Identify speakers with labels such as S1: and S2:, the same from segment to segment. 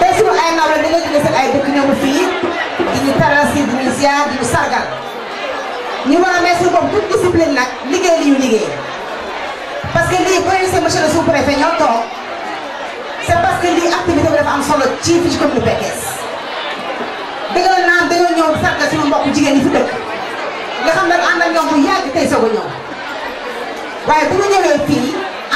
S1: tey sunu ay nawle la dañoo jóge seen ay dëkk ñëw fii di ñu taral si di ñu ziar di sargal ñu war a may suñu bopp toute discipline liggéey li ñu liggéey parce que lii boo gisee monsieur le sous-préfet ñoo toog parce que lii activité bi am solo ci fii ci commune Pekes dëgg la naan dañoo ñëw tey soog a ñëw waaye bu ñu ñëwee fii.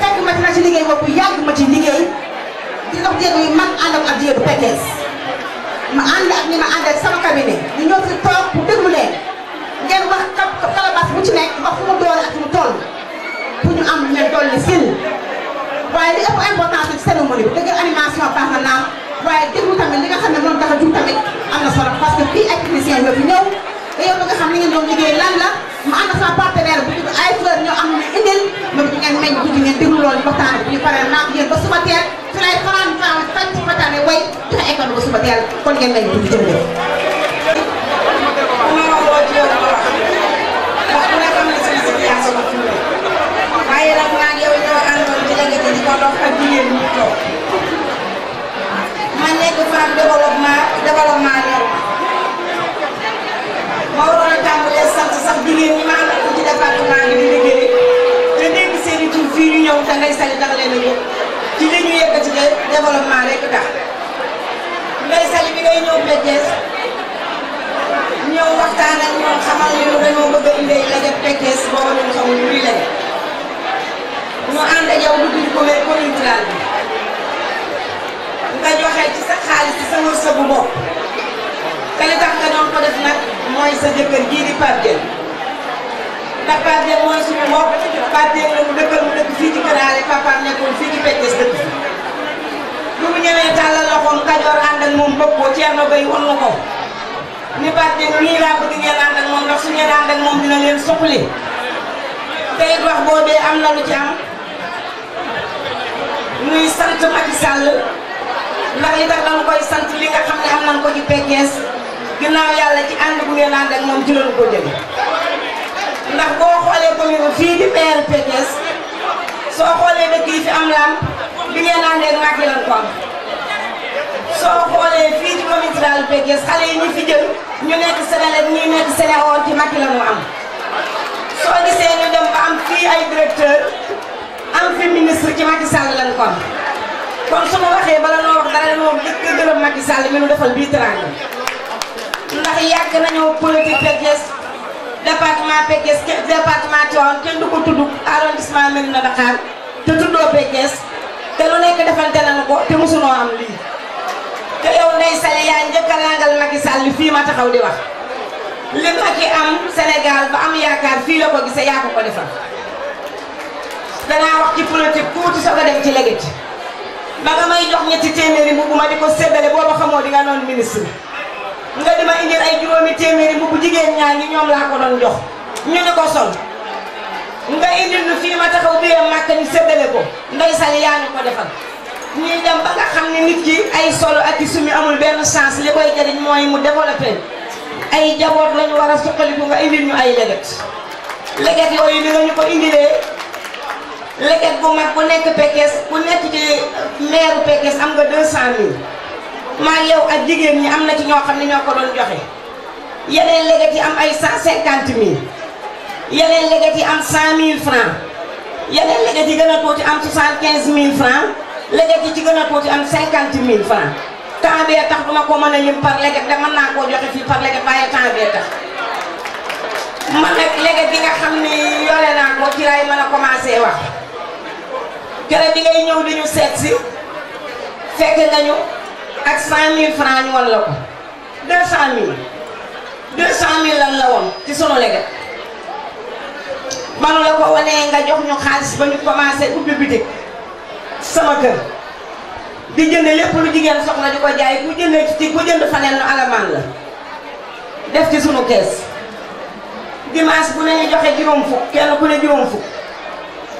S1: fekk ma dina ci liggéey boobu yàgg ma ci liggéey di dox jéego yu mag ànd ak addiya bu Pekes ma ànd ak ñi ma ànd ak sama ñu ñëw fi toog pour déglu leen ngeen wax kalabas bu ci nekk mu li ëpp importance ci cérémonie bi dëgg animation waaye déglu tamit li nga xam ne moom tax a jug tamit am na solo parce fii ay techniciens yoo ñëw te yow nga xam ne ngeen doon liggéey lan la. ma ànd ak sama partenaire bu tudd ay fleur ñoo am ne indil ma bëgg ngeen meñ guddi ngeen déglu loolu waxtaan bi ñu pare naa yéen ba suba teel fi lay fanaan fanaan fan ci waxtaane way joxe école ba suba teel kon ngeen meñ guddi jërëjëf waaye nag maa ngi yow ñoo àndoon développement développement ma waroon a tàmbalee sant sax jigéen ñi ma àndal ko ci département bi di liggéey te dégg seen i tur fii ñu ñëw te Ndeye Saly leen a ñu yëkkati de développement rek bi ngay ñëw Pekes ñëw ñoom xamal ñu dañoo bëgg a indee lajet Pekes booba ñun xamul luy lajet ñu ànd ak yow dugg ci commune commune Tiraal bi nga joxe ci sa xaalis ci sa wërsëgu bopp te li nga doon ko def nag. mooy sa jëkkeer gi di Pape Diène ndax Pape Diène mooy ko mbokk Pape Diène la mu dëkkal mu dëkk fii ci Këraale papa nekkoon fi ci Pekes dëkk lu mu ñëwé talal tàllal loxoom Kajoor ànd ak moom bokkoo Thierno Gueye wan na ko ni Pape ni la bëgg ngeen ànd ak moom ndax su ngeen ànd ak moom dina leen soppali tay wax bobé amna lu ci am ñuy sant Macky Sall ndax li tax dañu koy sant li nga xam ne am nañu ko ci Pekes ginnaaw yàlla ci ànd bu ngeen ànd ak moom ci lañu ko jëlee ndax boo xoolee commune fii di PRP Thiès soo xoolee dëkk yi am lan bi ngeen ko am soo ñu fi jël ñu nekk Sénégal ñi nekk Sénégal ci Macky mu am soo gisee ñu dem ba am fii ay directeur am fi ministre ci Macky Sall lan ko am kon su ma waxee bala noo wax dara dama wax dëkk gërëm Macky nu defal bii teraanga ndax yàgg nañoo politique Pekes département Pekes département Tivaouane kenn du ko tudd arrondissement Mérina Dakhar te tuddoo Pekes te lu nekk defante nañu ko te mosunoo am lii. te yow sa Sall yaa njëkk a langal Macky Sall fii ma taxaw di wax li Macky am Sénégal ba am yaakaar fii la ko gisee yaa ko ko defal. danaa wax ci politique tuuti soog a ci légit ba a may jox ñetti téeméeri bu ma di ko séddale booba xamoo di nga noon ministre. nga dima indil ay juróomi téeméeri bu jigéen ñaa ngi ñoom laa ko doon jox ñu ne ko sol nga indil nu fii ma taxaw biir màkk ñu séddale ko ndoy sali yaa ñu ko defal ñuy dem ba nga xam ne nit ki ay solo ak i amul benn chance li koy jëriñ mooy mu développé ay jaboot lañu war a suqaliku nga indil ñu ay leget leget yooyu ni lañu ko indilee leget bu mag bu nekk Pekes bu nekk ci meeru Pekes am nga 200000. maa yow ak jigéen ñi am na ci ñoo xam ne ñoo ko doon joxe yeneen légat yi am ay cent cinquante mille yeneen légat yi am cent mille francs yeneen légat yi gën a tuuti am soixante quinze mille francs légat yi ci gën a tuuti am cinquante mille francs temps bee tax duma ko mën a lim par légat da mën naa koo joxe fii par légat waaye temps bee tax man nag légat bi nga xam ni yore naa ko ci laay mën a commencé wax kere bi ñëw di ñu seet si fekk nga ñu ak 100000 francs ñu wan la ko 200000 200000 lan la woon ci sunu leget manu la ko wanee nga jox ñu xaalis ba ñu commencé ubbi bitik sama kër di jënd lépp lu jigéen soxla di ko jaay ku jëndee ci ku jënd faneen nu alamaan la def ci sunu kees dimanche bu ne ñu joxe juróom fukk kenn ku ne juróom fukk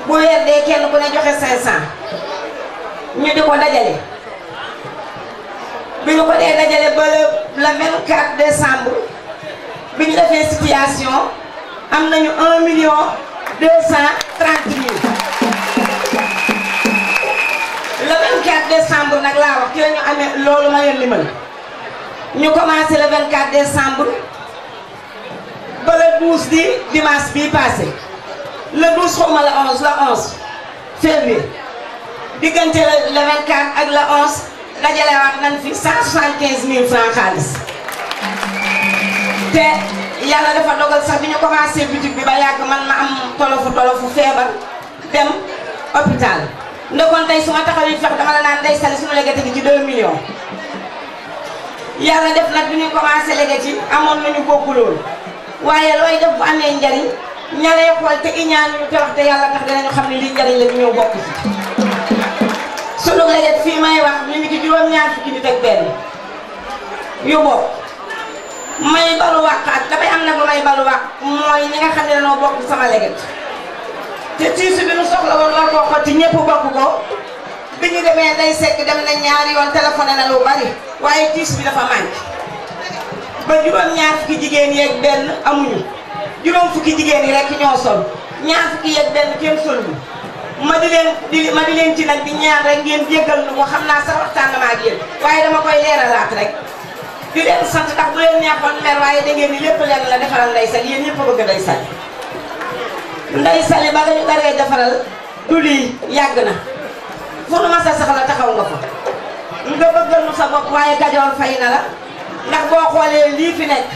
S1: bu weer kenn ku ne joxe 500 ñu di ko dajale. Mais nous le 24 décembre avons une defee situation am nañu 1 million 230 le 24 décembre nous avons wax le même commencé le 24 décembre le 12 dimanche bi passé le 12 xawma le 11 le 11 février le 24 ak le 11. dajale wax nañ fi cent soixante quinze mille franc xaalis te yàlla dafa dogal sax bi ñu commencé boutique bi ba yàgg man ma am tolofu tolofu feebar dem hôpital ndokoon tey su ma taxawee fex dama la naan day sali suñu léegi tegi ci 2 millions yàlla def nag bi ñuy commencé léegi ci amoon nañu kooku loolu waaye looy def bu amee njariñ ña lay xool te iñaan ñu te wax te yàlla tax danañu xam ne lii njariñ la ñëw bokk ci sunu léget fii may wax ñu ngi ci juróom-ñaar fukki nit ak benn yu bokk may balu ak dafay am nag lu may balu wax mooy ñi nga xam ne dañoo bokk sama léget te tiisu bi nu soxla woon war koo xotti ñëpp bokk ko bi ñu demee day sekk dem ñaar ñaari yoon téléphoné na lu bari waaye tiis bi dafa manqué ba juróom-ñaar fukki jigéen yeeg benn amuñu juróom fukki jigéen yi rek ñoo sol ñaar fukki yeeg benn kenn solul ma di leen di di leen ci nag di ñaan rek ngeen jéggal nu ko xam naa sax waxtaan na ma ak yéen waaye dama koy leeralaat rek di leen sant ndax bu leen neexoon mer waaye da ngeen ni lépp leen la defaral Ndeye Saly yéen ñëpp bëgg Ndeye Saly Ndeye Saly ba nga ñu daree defaral du lii yàgg na fu nu ma sa soxla taxaw nga fa nga bëggal nu sa bopp waaye Kajoor fay na la ndax boo xoolee lii fi nekk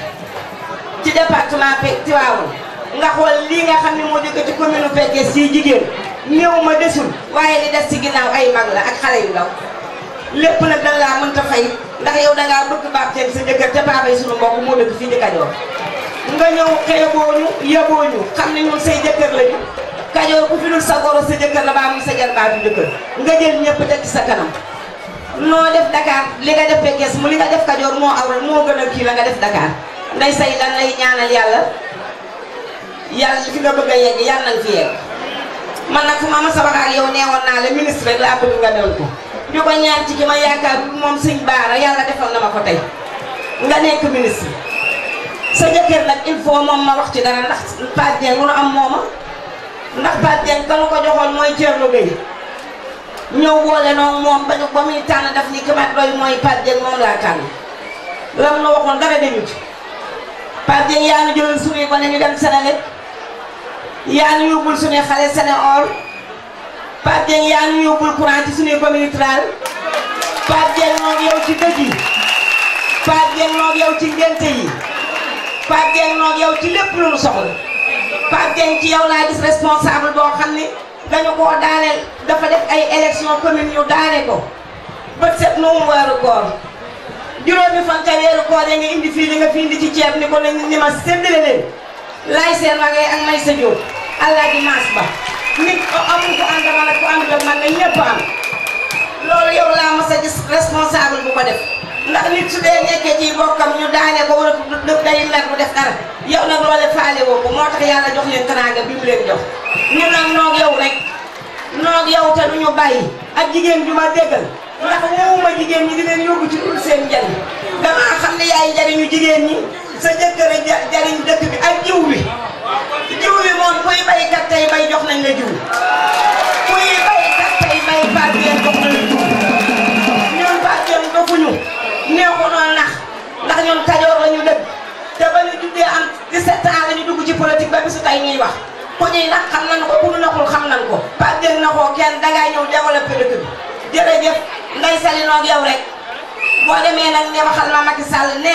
S1: ci département Tivaouane nga xool lii nga xam ni moo dëkk ci commune Pekes sii jigéen néew ma desul waaye li des ci ginnaaw ay mag la ak xale yu ndaw lépp nag dañ laa mënta fay ndax yow da ngaa bëgg baab seen sa jëkkër te baabay sunu mbokk moo dëkk fii di Kajoor nga ñëw xeeboo ñu yeboo ñu xam ne ñun say jëkkër lañu Kajoor ku fi dul sa goro sa jëkkër la baa muy sa jarbaat yu jëkkër nga jël ñëpp teg ci sa kanam loo def Dakar li nga def Pekes mu li nga def Kajoor moo aw awral moo gën a kii la nga def Dakar nday say lan lay ñaanal yàlla yàlla a yegg yàlla man nag fu ma ma sabakaak yow neewoon naa la ministre rek laa bëgg nga doon ko ñu ko ñaan ci ki ma yaakaar moom sëñ baara yàlla defal na ko tey nga nekk ministre sa jëkkër nag il faut moom ma wax ci dara ndax Pape Dieng lu nu am mooma ndax Pape Dieng kanu ko joxoon mooy Thierno Gueye ñëw boole noonu moom ba ñu ba muy tànn daf ni këmat doy mooy Pape Dieng moom laa tànn lam nu waxoon dara dañu ci Pape Dieng yaa nu jëlal suñuy ñu dem Sénégal yaa ngi yóbbul suñu xale Sénéor yang yang yaa ngi yóbbul courant ci suñu commune rural Pape Dieng noog yow ci dëj yi Pape Dieng noog yow ci ngénte yi Pape Dieng noog yow ci lépp lu mu soxla Pape Dieng ci yow laa gis responsable bo xam ni dañu koo daaneel dafa def ay élection commune ñu daane ko bët set no mu weeru koor juróomi fan ca weeru koor ya nga indi fi li nga fi indi ci ceeb ni ko ni ma séddale leen laay ma ngay ak may sa jóob allah di naas ba nit amul ku ànd man ku àndul ak man la ñëpp am loolu yow laa mos gis responsable bu ko def ndax nit su dee nekkee ci bokkam ñu daane ko war a dëkk day mer bu def dara yow nag loole faale woo moo tax yàlla jox leen teraanga bi mu leen jox ñu nag noog yow rek noog yow te duñu bàyyi ak jigéen ju ma déggal ndax woowuma jigéen ñi di leen yóbbu ci dul seen njëriñ damaa xam ne yaay njëriñu jigéen ñi sa jëkkër a jariñ dëkk bi ak jiw bi jiw bi moom kuy baykat tey bay jox nañ la jiw kuy baykat tey bay partenaire jox nañ la jiw ñun partenaire dëkkuñu neexuloon nax ndax ñun Kajoor la ñu dëkk te ba ñu juddee am 17 ans la ñu dugg ci politique ba bisu tey ñuy wax ku ñuy nax xam nañ ko ku ñu naxul xam nañ ko. partenaire na ko kenn dangay ñëw développé dëkk bi jërëjëf nday Saly noog rek boo demee nag ne waxal ma Macky Sall nee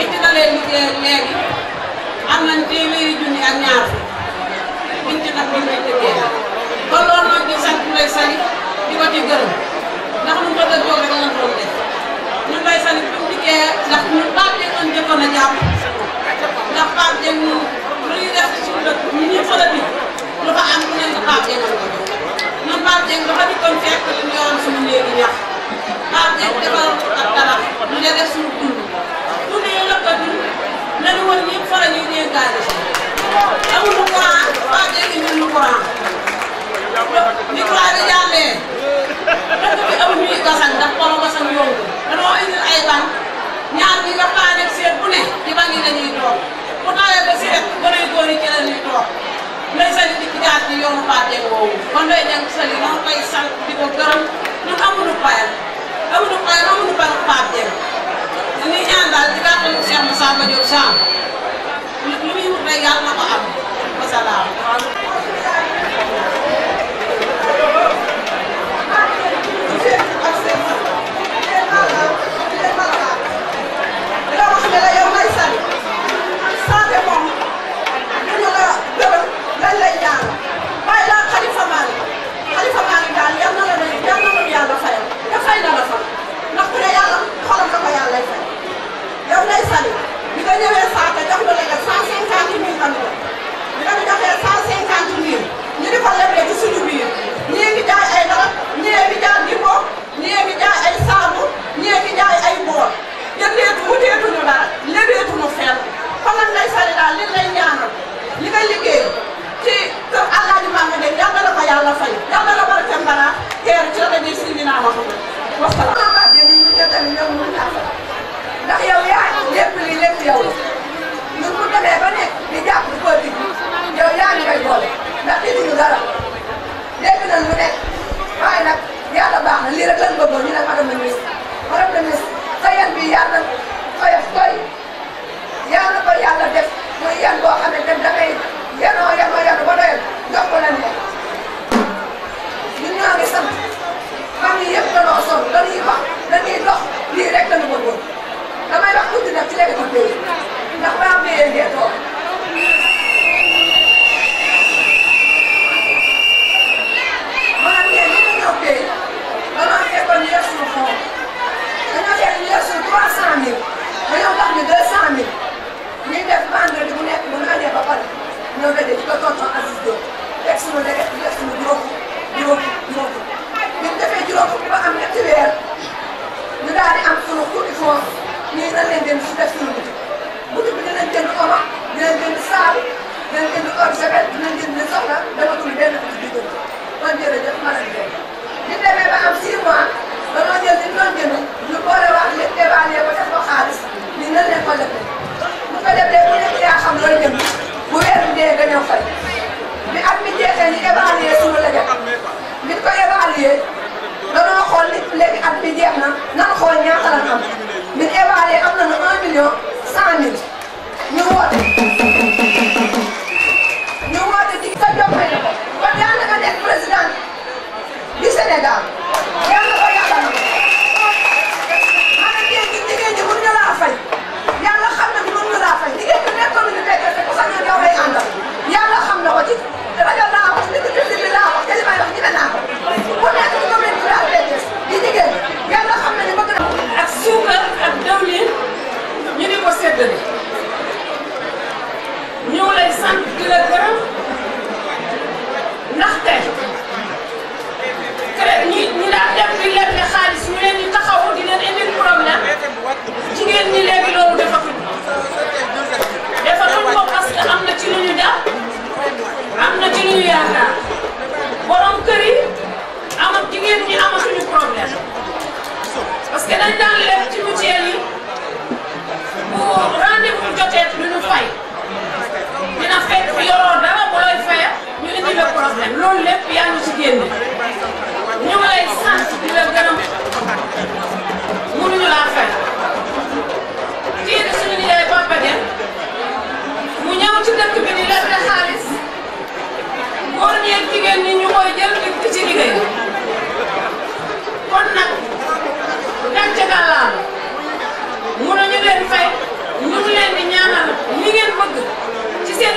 S2: li ci dalee liggéey léegi am nañ téeméeri junni ak ñaar biñ ci nag biñ ci liggéey ba loolu nag di sant Ndeye Saly di ko ci gërëm ndax lu mu bëgg a jóg rek lañ doon def ñun Ndeye Saly bi mu liggéeyee ndax ñun Pape Dieng lañ jëkkoon a jàpp ndax Pape Dieng mu ne lëkkati nañu woon ñëpp faral ñuy dénkaane amul lu courant waa dégg ñun lu courant ni courant bi jàllee dëkk bi amul ñuy gasan ndax xooloo gasan yomb danoo indil ay ban ñaar ñi nga paa nekk seet bu ne ci ban yi dañuy toog bu tawee ba si rek gën a góor yi ci la ñuy toog ndeysaan di ci jaar ci yoonu Pathé woowu kon day nekk sa Saan ba Diop Saan lu lu muy wut rek yàlla
S3: Seydina Muhammad wasalaam. waaw dinañ ko jot tamit ñoom mën naa ko
S4: ndax yow yaa
S3: lépp li lépp yow la ñun bu demee ba nekk di jàpp politique bi yow yaa ngi koy boole ndax li duñu dara dégg nañ lu nekk waaye nag yàlla baax na lii rek lan bëggoon ñu ne madame la ministre madame la ministre sa yan bi yar na.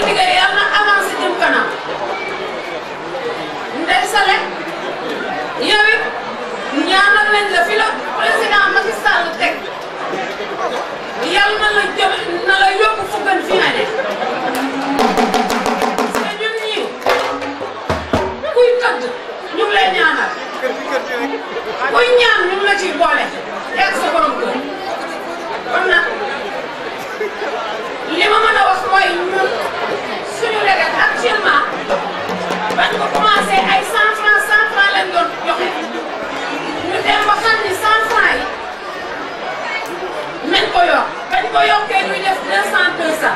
S5: liggéey yal na avancé jëm kanam Ndeye Sallé yow it ñaanal nañ la fi la président Macky Sall teg yal na la jëm na la yóbbu fu gën fi nga ne parce que ñun ñii kuy tëdd ñu ngi lay ñaanal kuy ñaan ñu ngi la ciy boole teg sa borom kër kon nag li ma mën a wax mooy. actuellement
S3: ban ko commencé ay 100
S5: francs 100 francs lañ doon joxe ñu dem ba xam ni 100 francs yi men ko yokk bañ ko yokkee ñuy def 200 200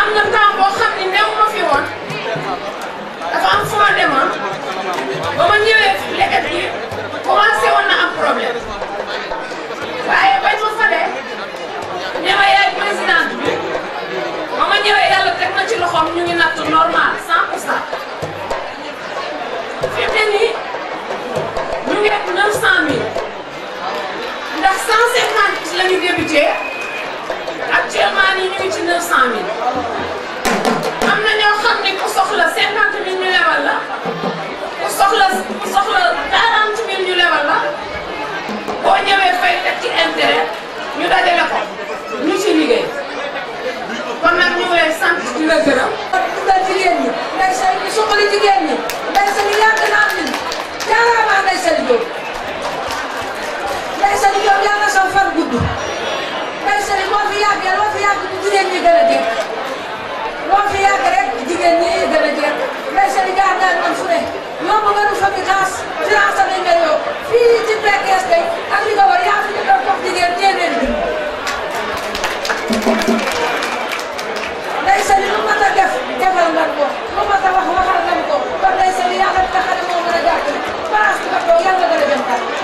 S4: am na temps boo xam ni néew ma fi
S5: woon dafa am fu ma demoon ba ma ñëwee leket gi commencé woon na am problème waaye bañ ma fa dee ne ma yaay président bi. ba ma ñëwee yàlla teg na ci loxoom ñu ngi natt normal 100 pour cent fi mu ne nii ñu ngi nekk 900000 ndax 150 la ñu débuté actuellement nii ñu ngi ci 900000.
S3: gudd tey sëriñ boo fi yàggee loo fi yàgg jigéen ñi gën a jekk loo fi yàgg rek jigéen ñi gën a jekk tey sëriñ jaar naa man fu ne yóbbu nga nu fa bi xaas finance nañ la yow fii ci PKS tey ak li nga war yaa fi ñu doon toog jigéen téeméer bi tey sëriñ lu mat a def defal nan ko lu mat a wax waxal nan ko kon tey sëriñ yàlla taxale moo mën a jàppale place bi nga toog yàlla gën a jëm kanam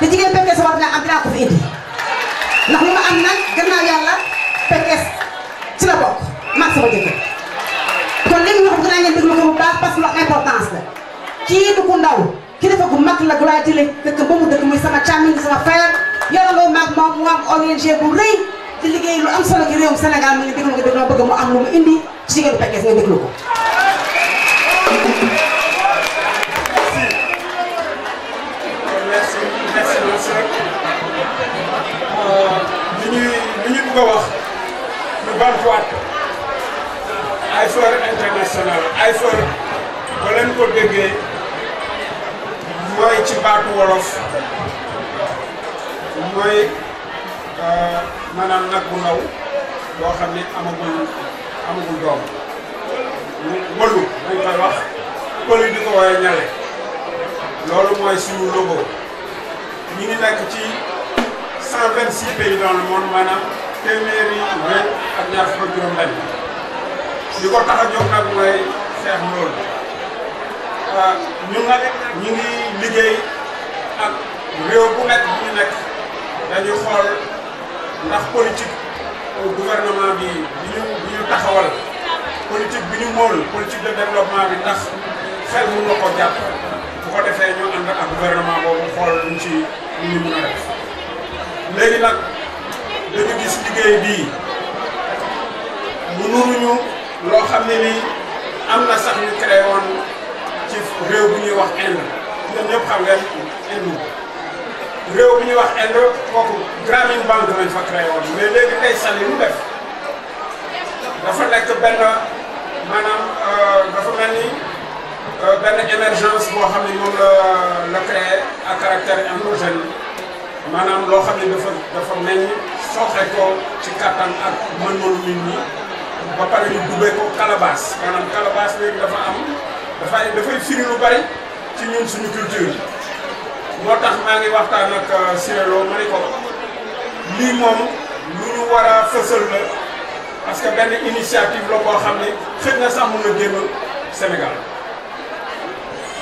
S1: li jigéen Pekes war naa am ini, ko fi anak ndax li ma am nag gannaaw yàlla Pekes ci la bokk mag sama jëkkër kon li mu wax dinaa ngeen déglu ko bu baax parce que lu importance la kii du ku ndaw ki dafa gu mag la gu laa dëkk ba mu dëkk muy sama càmmiñ sama frère yoraloo maag moom mu am ONG bu rëy di liggéey lu am solo ci réewum Sénégal mu ngi déglu ko déglu bëgg mu am lu mu indi ci jigéenu Pekes nga déglu ko
S4: parce que rek ñuy li ñu bëgg a wax ñu bantuwaat ko Aifor international Aifor ba leen ko déggee mooy ci baatu wolof mooy euh, maanaam nag bu ndaw boo xam ne amagul amagul doom mëlu dañ koy wax pël yi di ko waaye ñale loolu mooy suñu logo ñu ngi nekk ci 126 pays dans le monde maanaam téeméeri wet ak ñaar fukk ak juróom-benn li tax a jóg nag mooy xeex loolu ah, ñun nag ñu ngi liggéey ak réew bu nekk bu ñu nekk dañuy xool ndax politique gouvernement bi bi ñu taxawal politique bi ñu mool politique de développement bi ndax xel mun na ko bu ko defee ñu ànd ak gouvernement boobu xool luñ ci luñ ñu mën a def léegi nag dañu gis liggéey bii mënuñu loo xam ne nii am na sax ñu créé woon réew bu ñuy wax Inde ñun ñëpp xam ngeen Inde réew bu ñuy wax Inde kooku Grameen Bank lañ fa créé woon mais léegi tey sali mu def dafa nekk benn maanaam euh, dafa mel ni. Euh, ben émergence bo xamni mom la la créé à caractère endogène manam lo xamni dafa dafa mel soxé ko ci katan ak mën-mënu nit ni ba paré ñu dubé ko calabas manam calabas léegi dafa am dafay dafay firi lu bari ci ñun suñu culture motax ma ngi waxtaan ak euh, Cirello mari ko li mom lu ñu wara fessel la parce que ben initiative lo boo xamni ne na sax mu na gënal Sénégal.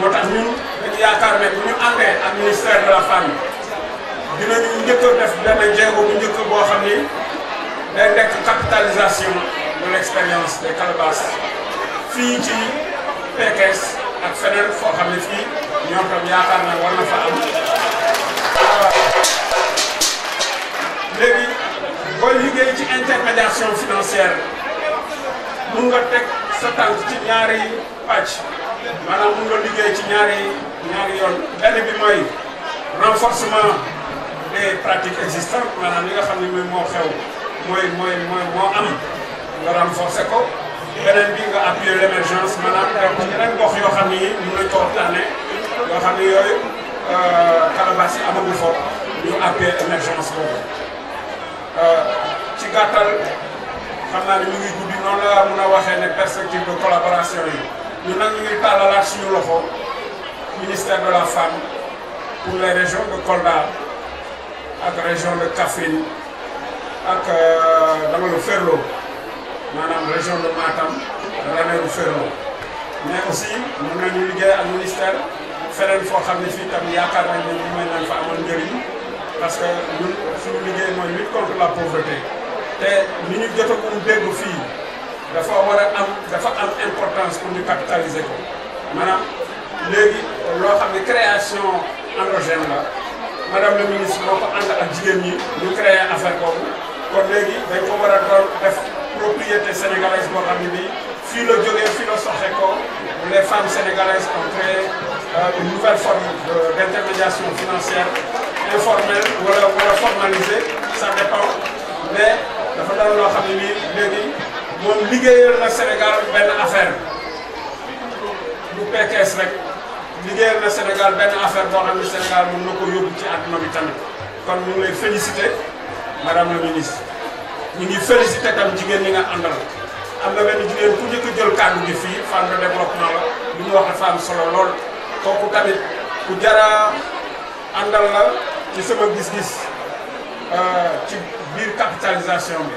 S4: motax ñun dañu yaakaar ne bu ñu àndee ak ministère de la femme dinañu njëkk a def benn jéego bu njëkk boo xam ni day nekk capitalisation de l' expérience de calebasses fii ci Pekes ak feneen foo xam ne fii ñoom tam yaakaar na war na fa am. léegi booy liggéey ci intermédiation financière mun nga teg sa tànk ci ñaari pàcc maanaam mun nga liggéey ci ñaari ñaari yoon benn bi mooy renforcement des pratiques existantes maanaam li nga xam ne mooy moo xew mooy mooy mooy moo am nga renforcer ko beneen bi nga appuyer l' émergence maanaam donc yeneen gox yoo xam ne yi mun nañ ko waxtaanee yoo xam ne yooyu euh, Calabas yi amagul foofu ñu appuyer émergence boobu euh, ci gàttal xam naa ne mu ngi guddi noonu la mun a waxee ne perspective de collaboration yi nous n'avons pas la sur le ministère de la Femme, pour les régions de Kolda, avec la région de Kafin, avec euh, le Ferlo, la région de Matam, dans la région de Ferlo. Mais aussi, nous avons eu un ministère, faire une fois que nous avons eu un ministère, nous avons parce que nous avons eu un contre la pauvreté. Et nous avons eu un ministère dafa war a am dafa am importance pour ñu capitaliser ko manam léegi lo xam création endogène la madame le ministre moko ko ànd ak jigéen ñi ñu créer affaire ko kon léegi dañ ko wara a doon def propriété sénégalaise boo xam ne bii la jógee fii la ko les femmes sénégalaises ont créé euh, une nouvelle forme d'intermédiation financière informelle wala wala formalisée ça dépend mais dafa doon loo xam ne nii moom liggéeyal na Sénégal benn affaire bu PKS rek liggéeyal na Sénégal benn affaire boo xam ne Sénégal mën na ko yóbbu ci àdduna bi tamit kon ñu ngi lay félicité madame la ministre ñu ngi félicité tam jigéen ñi nga àndal am na benn jigéen ku njëkk jël kàddu gi fii femme de développement la lu ñu wax dafa am solo lool kooku tamit ku jara àndal la ci sama gis-gis euh, ci biir capitalisation bi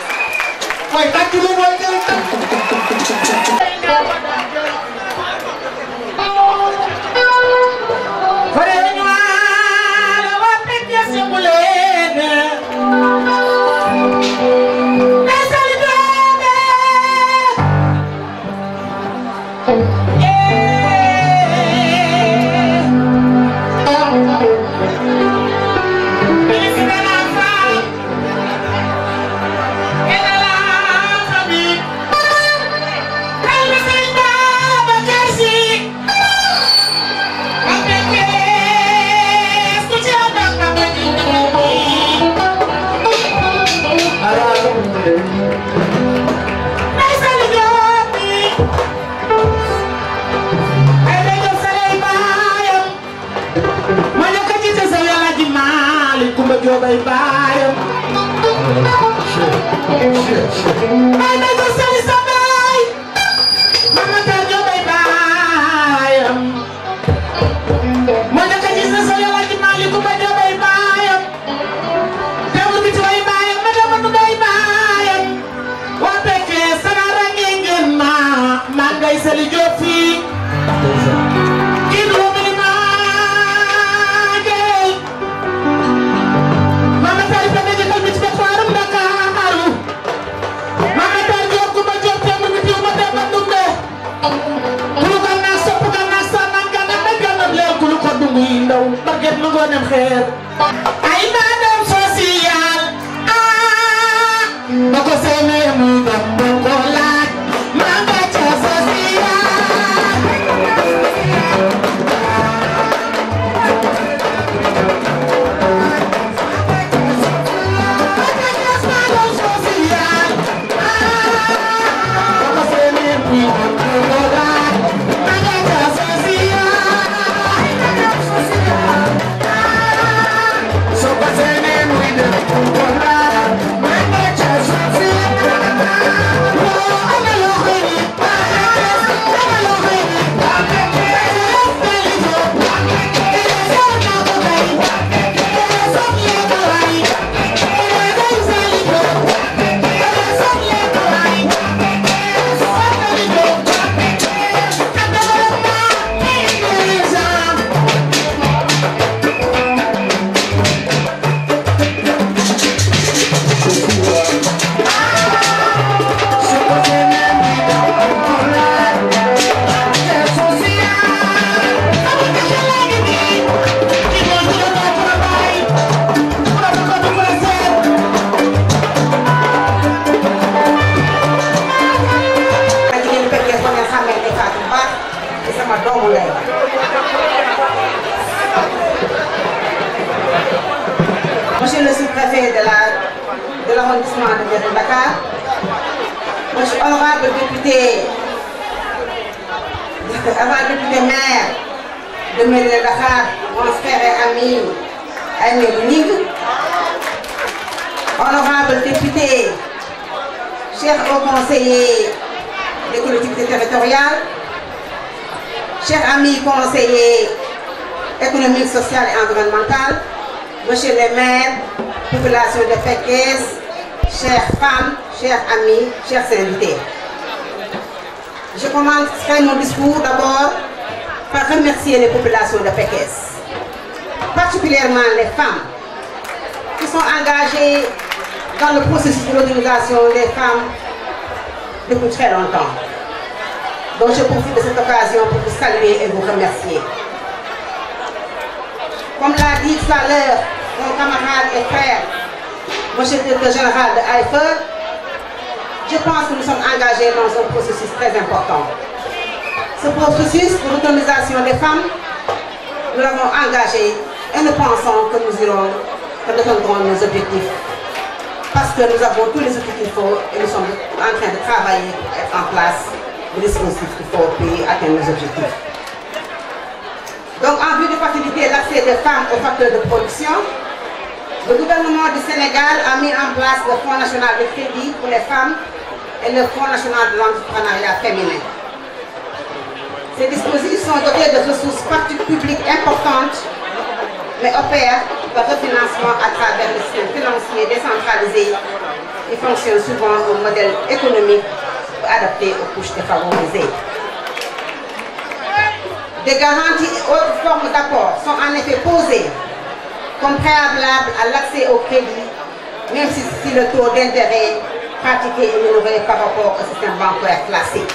S4: waaye tàcc lu mooy jël tàcc
S5: Bye oh, Shit, shit, shit. I'm here.
S1: Monsieur honorable député, le député maire de Mélé Dakar, mon frère et ami, Amir Nig. Honorable député, cher conseiller conseillers des collectivités territoriales, chers amis conseillers économiques, sociales et environnemental monsieur le maire, population de Fekes chères femmes, chers amis, chers invités. Je commencerai mon discours d'abord par remercier les populations de Pékès, particulièrement les femmes qui sont engagées dans le processus de l'organisation des femmes depuis très longtemps. Donc je profite de cette occasion pour vous saluer et vous remercier. Comme l'a dit tout à l'heure mon camarade et frère Monsieur le directeur général de AIFE, je pense que nous sommes engagés dans un processus très important. Ce processus pour l'autonomisation des femmes, nous l'avons engagé et nous pensons que nous irons, que nous atteindrons nos objectifs. Parce que nous avons tous les outils qu'il faut et nous sommes en train de travailler pour être en place les dispositifs qu'il faut pour atteindre nos objectifs. Donc en vue de faciliter l'accès des femmes aux facteurs de production, le gouvernement du Sénégal a mis en place le Fonds national de crédit pour les femmes et le Fonds national de l'entrepreneuriat féminin. Ces dispositifs sont dotés de ressources publiques importantes, mais opèrent par refinancement à travers le système financier décentralisé et fonctionne souvent au modèle économique adapté aux couches défavorisées. Des garanties et autres formes d'apport sont en effet posées comme préalable à l'accès au crédit, même si, le taux d'intérêt pratiqué est élevé par rapport au système bancaire classique.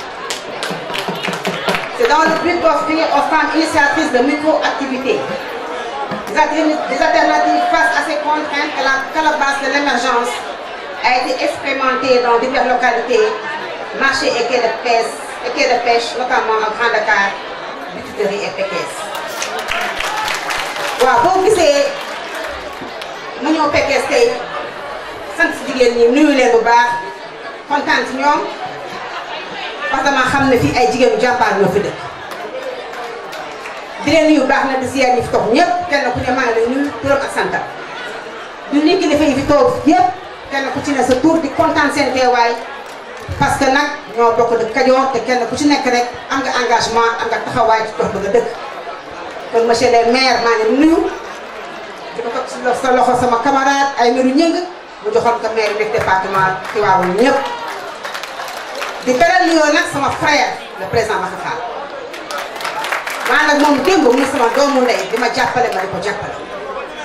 S1: C'est dans le but d'offrir aux femmes initiatrices de micro-activités des alternatives face à ces contraintes que la base de l'émergence a été expérimentée dans diverses localités, marchés et quais de pêche, notamment en Grand Dakar, Bututerie et Pékès. Pour vous, c'est mu ñëw fekkee tey sant si jigéen ñi nuyu leen bu baax kontaan ci ñoom parce que ma xam ne fii ay jigéenu jàmbaar ñoo fi dëkk. di leen nuyu baax na di ziar ñi fi toog ñëpp kenn ku maa ngi lay nuyu turam ak santam du nit ki dafay fi ku ci ne sa tur di kontaan seen teewaay parce que nag ñoo bokk dëkk Kajoor te kenn ku ci nekk rek am nga engagement am nga taxawaay ci dox ba nga dëkk kon monsieur le maire maa ngi nuyu. sa loxo sama camarade ay miru ñëng mu joxoon ko maire def di beral nuyoo sama frère le président Macky Sall maa nag moom démb sama doomu ndey di ma jàppale di ko jàppale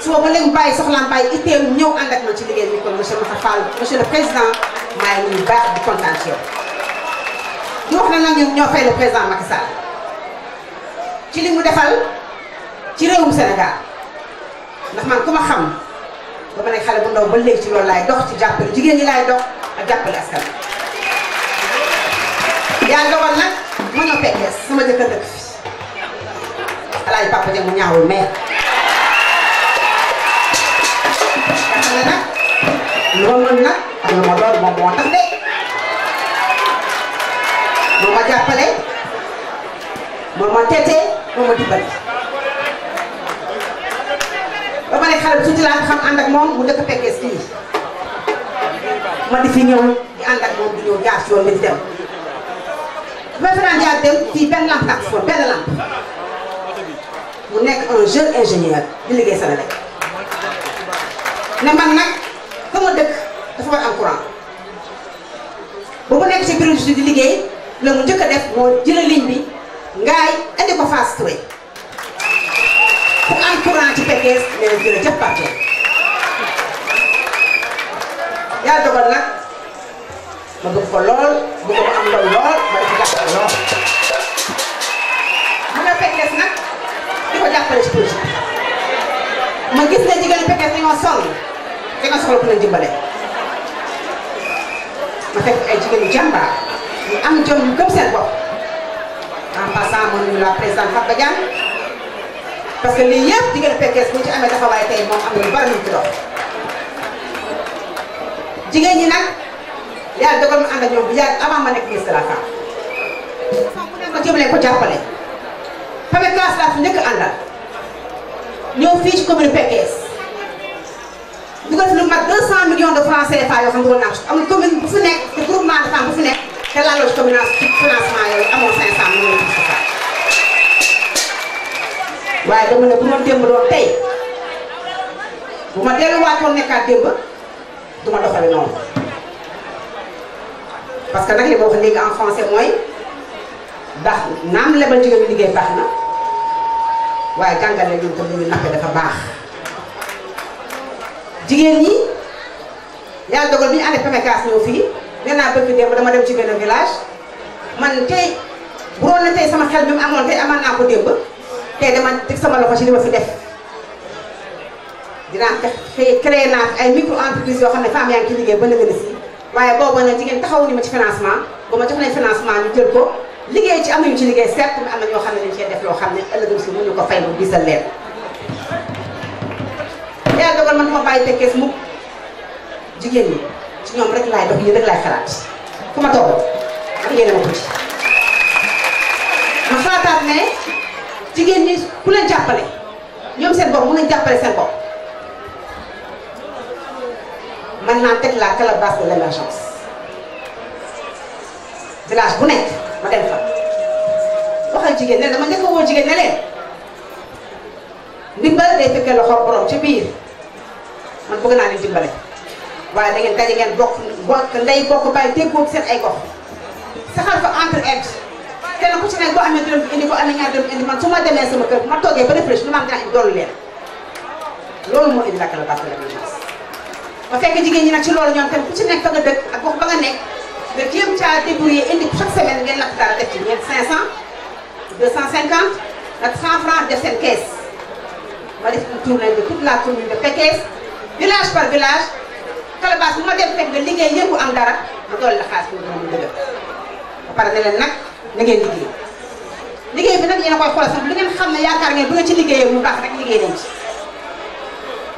S1: suba ba léegi bàyyi soxlaam bàyyi itteelu ñëw ànd ak man ci liggéey bi kon le di kontaan ci yow di wax na nag ñun ñoo fay le président Macky Sall ndax man ku ma xam ba ma nekk xale bu ndaw ba léegi ci loolu laay dox ci jàppale jigéen ñi lay dox ak jàppale askan wi. yaa dogal nag ma ñoo sama jëkkër dëkk fi alaay papa ja mu ñaawul mais. xam nga nag loolu mën nag ma loolu moom moo tax de moom ma jàppale moom ma tete moom ma dimbali. dama ne xale bu tuuti xam ànd ak moom mu dëkk Pekes kii ma di fi ñëw di ànd ak moom di ñëw jaar yoon bi di dem. Référent Diagne dem fii benn lampe la ak ben lampe mu nekk un jeune ingénieur di liggéey Sénégal ne man nak fama ma dëkk dafa war am courant bu mu nekk ci bureau di liggéey la mu njëkk def moo jël ligne bi ngaay indi ko fast way ku am courant ci Pekes nee na jërëjëf Pape yaa dogal nag ma bëgg ko lool bëgg ko am lool ma def gàttal lool mu ne Pekes nag di ko jàppale ci ma gis ne jigéen Pekes dañoo sonn dañoo soxla ku leen dimbale ma fekk ay jigéenu jàmbaar ñu am jom ñu la présidente Fatba Diagne parce que lii yëpp jigéen Pekes bu ci amee taxawaay tey moom am na lu bari lu ci dox jigéen ñi nag yàlla dogal ma ànd ñoom bu yàgg avant ma nekk ministre de la femme. bu nekk ko ko jàppale Pamé classe la fi njëkk àndal ñëw fii ci commune Pekes dugal fi lu mat de francs CFA yoo xam ne dugal naa am na bu fi nekk te groupement de femmes bu fi nekk te laaloo ci commune financement yooyu amoo 500 millions de francs. waaye dama ne bu ma démb doon tey bu ma delluwaatoon nekkaat démb du ma doxale noonu parce que nag li ma wax léegi en français mooy ndax naam lebal jigéen ñi liggéey baax na waaye jàngale ñun ko lu ñu nappe dafa baax jigéen ñi yàlla dogal bi ñu àndee PMECAS ñëw fii nee naa bëgg démb dama dem ci benn village man tey bu doon na sama xel bi mu amoon tey amaan naa ko démb tey dama teg sama loxo ci li ma fi def dinaa fexe créé naa ay micro entreprise yoo xam ne femmes yaa ngi ciy liggéey ba lëkkale si waaye boobu nag jigéen taxawu ni ma ci financement ba ma jox leen financement ñu jël ko liggéey ci am nañu ci liggéey certes mais am ñoo xam ne dañu cee def yoo xam ne ëllëgam si mënuñu ko fay mu gisal leen. yaa dogal man dama bàyyi tekkees mukk jigéen ñi ci ñoom rek laay dox yéen rek laay xalaat fu ma toog rek yéen a ma ko ci ma xalaataat jigéen ñi ku leen jàppale ñoom seen bopp mun nañ jàppale seen bopp maintenant teg la calebasse de l'émergence village bu nekk ma dem fa waxal jigéen ne dama njëkk a woo jigéen ne leen ndimbal day fekkee loxo borom ci biir man bëgg naa leen dimbale waaye da ngeen daje ngeen bokk bokk ndey bokk bàyyi déggoo seen ay gox saxal fa entre aide kenn ku ci nekk boo amee dërëm indi ko am ñaar dërëm indi man su ma demee sama kër ma toogee ba réfléchir lu ma am dinaa indi dolli leen moo indi la kala bi mas ba fekk ci loolu ñoom tam ku ci nekk fa nga dëkk ak gox ba nga nekk nga def ma def une tournée de toute la commune village village Calabas ma dem fekk liggéey yëngu am dara ba pare ne leen nag. la ngeen liggéey liggéey bi nag yéen a koy xoolal sax li ngeen xam ne yaakaar ngeen bu ngeen ci liggéeyee mu baax rek liggéey nañ ci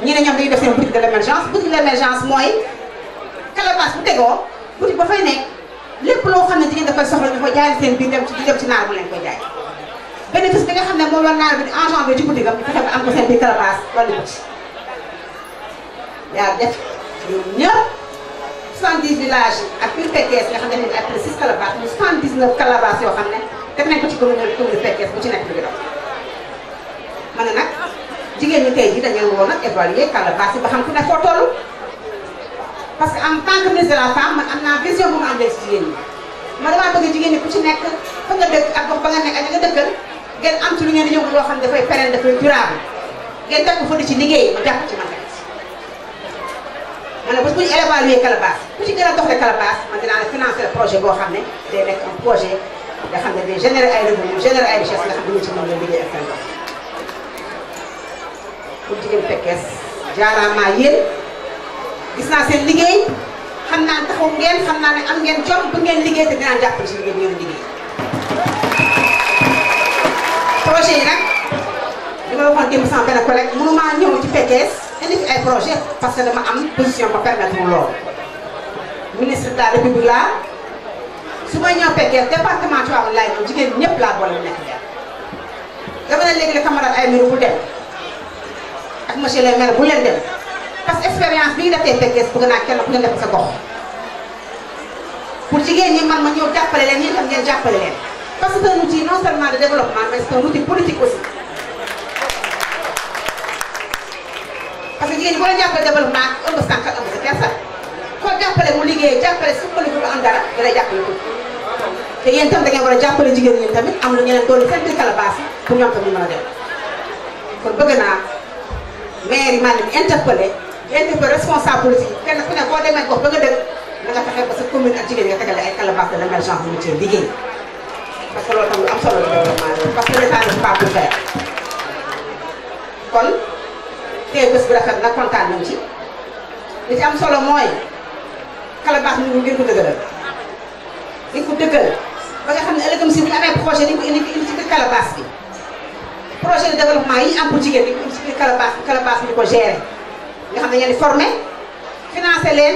S1: ñi ne ñoom dañuy def seen boutique de l'émergence boutique de l'émergence mooy calebasse bu tegoo boutique ba fay lép lépp loo xam ne jigéen dafay soxla ñu koy jaay seen biir dem ci di dem ci naar mu leen koy jaay bénéfice bi nga xam ne moo la naar bi di engendré ci boutique am ñu fexe ba am ko seen biir calebasse wala ci yaa def ñoom 70 villages ak biir Pekes nga xam ne nii après 6 calebasses mu 79 calebasses yoo xam ne def nañ ko ci commune commune Pekes bu ci nekk bi dox. ma ne nag jigéen ñi tey jii dañu leen woon nag évaluer calebasses yi ba xam ku que en tant de man am naa vision bu am léegi si jigéen ñi. ma damaa bëgg jigéen ñi ku ci nekk fa nga dëkk ak gox ba nga nekk ak nga dëkkal ngeen am ci lu ngeen di loo xam ne dafay pérenne dafay durable ngeen teg fa di ci liggéey ma jàpp ci man rek. أنا بس بقول إله بالوي كالباس بس كنا توقف كالباس ما تنا نفنس البروجي بوا خامنة ده نك البروجي ده خامنة ده جنر أي لون جنر أي شخص ده خامنة تمام اللي بيجي أكلنا بقول كم بكس جارا مايل بس ناس اللي جاي خامنة تخون جن خامنة أم جن جم بجن اللي جاي تدنا جاب بس اللي جاي اللي جاي البروجي نك لما بقول كم سامبنا كلك منو ما نيو تفكس indi fi ay projet parce que dama am position ba permettre mu loolu ministre de la république laa su may ñëw Pekesse département Tivaouane laay ñëw jigéen ñëpp laa boole nekk benn. dama ne léegi la camarade ay miru bu dem ak le maire bu leen dem parce que expérience bi ñu defee Pekesse bëgg naa kenn ku ne def sa gox pour jigéen ñi man ma ñëw jàppale leen ñi tam ngeen jàppale leen parce que c'est un outil non seulement de développement mais c'est un outil politique aussi. parce que jigéen ñi boo leen jàppale développement ëmb sànq ëmb sa kersa koo jàppale mu liggéey jàppale suqali ko du am dara da lay jàppale ko te yéen tam da ngeen war a jàppale jigéen ñi tamit am lu ñu leen doon seen biir calebasse pour ñoom tamit mën a dem kon bëgg naa maire yi maanaam interpellé interpellé responsable politique kenn ku ne boo demee gox ba nga dëkk da nga fexe ba sa commune ak jigéen nga tegale ay calebasse de l'émergence bu mutuelle liggéey parce que loolu tam lu am solo développement parce que l'État ne peut pas tout faire kon. te bés bu rafet la kontaan nañ ci li am solo mooy Calebasse ñu ngi ko dëgëral di ko dëggal ba nga xam ne ëllëgëm si bu projet di ko indi bi projet de développement yi am jigéen di ko indi ci biir Calebasse bi Calebasse ko gérer nga xam ne ngeen di formé financé leen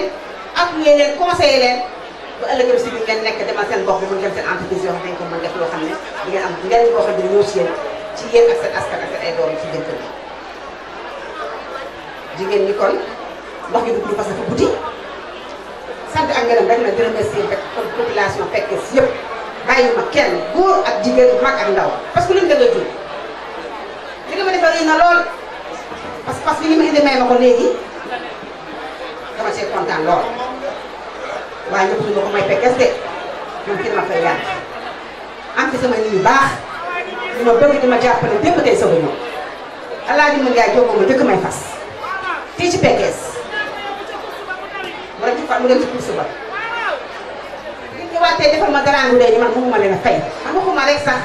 S1: appuyer leen conseillé leen ba ëllëgëm si bi ngeen nekk demal seen gox bi mën ngeen seen entreprise yoo xam ne dañ ko mën def loo xam ne ngeen am njëriñ boo xam ne ñoo ci yéen ci yéen askan ak ay doom ci dëkk bi jigéen ñi kon ndox ñu dugg du fas dafa guddi sant ak ngërëm rek na di remercier rek population Pekes yëpp bàyyi ma kenn góor ak jigéen mag ak ndaw parce a na parce que parce que li ma indi may ma ko léegi ma fay yàq am sama yu baax ñu bëgg di ma jàppale dépp tey sama ñoom alaaji mën may fas. fii ci Pekes wala ci fan mu dem ci suba bu ñu ñëwaatee defal ma daraan bu dee man bëgguma leen a fay man waxuma rek sax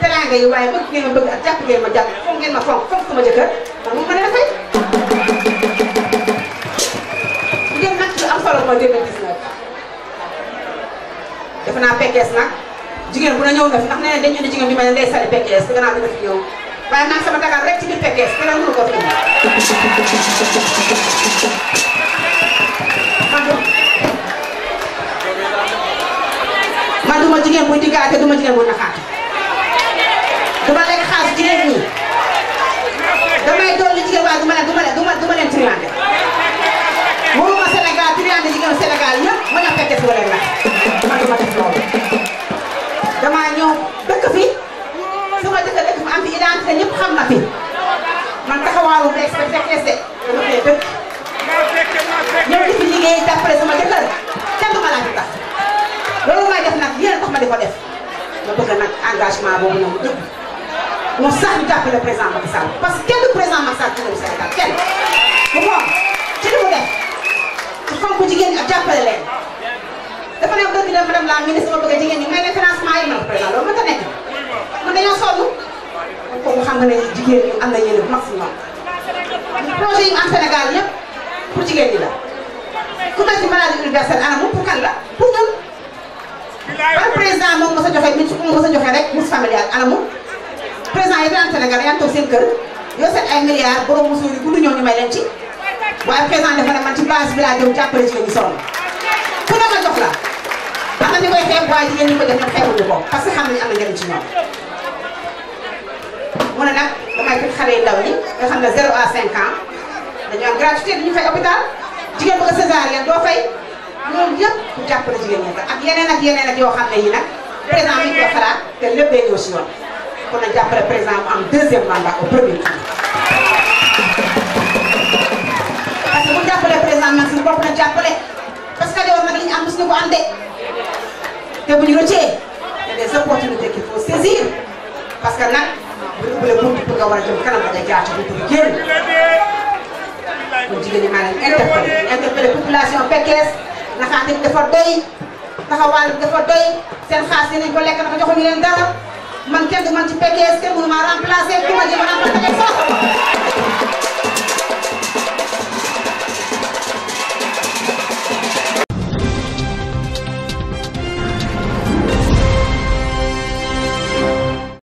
S1: teraanga yi waaye bëgg ngeen ma bëgg ak jàpp ngeen ma jàpp fonk ngeen ma fonk fonk sama jëkkër man bëgguma leen a fay. bu dee nag lu am solo mooy 2019 defe naa Pekes nag jigéen bu na ñëw na fi ndax nee nañ dañu ne jigéen bi ma ne ndey sali Pekes danga naa dama fi ñëw. waaye nag sama Dakar rek ci biir PDS keneen mënu ko fi man du ma jigéen buy diggaate du ma jigéen buy naxaate du ma lekk xaalis jigéen ñi damay dolli jigéen waaye du ma leen du ma leen du ma du ma leen triandé mënuma Sénégal triandé jigéen Sénégal yëpp ma ñàkk a def wala ndax man du def loolu damaa ñëw dëkk fi su ma xam ne identité ñëpp xam na fi man taxawaalu rek ba fekk des de dama koy dëkk. ñëw di fi liggéey jàppale sama jëkkër kenn du ma laaj tax loolu may def nag yéen tax ma di ko def ma bëgg nag engagement boobu nag mu dëgg mu sax ñu jàppale président Macky Sall parce que kenn du président Macky Sall dina Sénégal kenn bu moom ci li def ci fonk jigéen ñi ak jàppale leen dafa nekk dëgg de madame la ministre ma bëgg jigéen ñi may financement yi ma président loolu mënta nekk mën dañoo sonn kon xam nga ne jigéen ñi am na yéene maximum projet yi am Sénégal yëpp pour jigéen ñi la couverture maladie universelle anamu pour kan la pour ñun. ban président moom mos a joxe mi moom mos a joxe rek bourse familiale anamu président yi daan Sénégal yaa ngi toog seen kër yoo seet ay milliards borom mosu yu gudd ñëw ñu may leen ci waaye président dafa ne man ci base bi laa jëm jàppale jigéen ñi sonn ku ne ma jox la. am na ñu koy xeeb waaye jigéen ñi ko def ñoom xeebuñu ko parce que xam nañu am na njëriñ ci ñoom. mu ne nag damay jot xale yu ndaw yi nga xam 0 à 5 ans dañu am gratuité duñu fay hôpital jigéen bu ko césarienne do fay loolu yëpp bu jàppale jigéen ñi ak yeneen ak yeneen ak yo xamné yi nak président mi ko koy xalaat te lépp day ñëw si yoon kon nag jàppale président mu am deuxième mandat au premier tour. parce que bu jàppale président man suñu bopp na jappalé parce que Kajoor nag li ñu am mosuñu ko ande te bu ñu rëccee des opportunités qu'il faut saisir parce que nak bu ñu ubbee buntu pour nga war a jëm kanam da nga jaar ci buntu bi génn kon jigéen ñi maa leen interpellé interpellé population Pekes naxaate bi sen doy taxawaal bi dafa doy seen xaas yi nañ ko lekk naka man kenn du man ci Pekes kenn mënu maa remplacé ku ma jéem a remplacé sax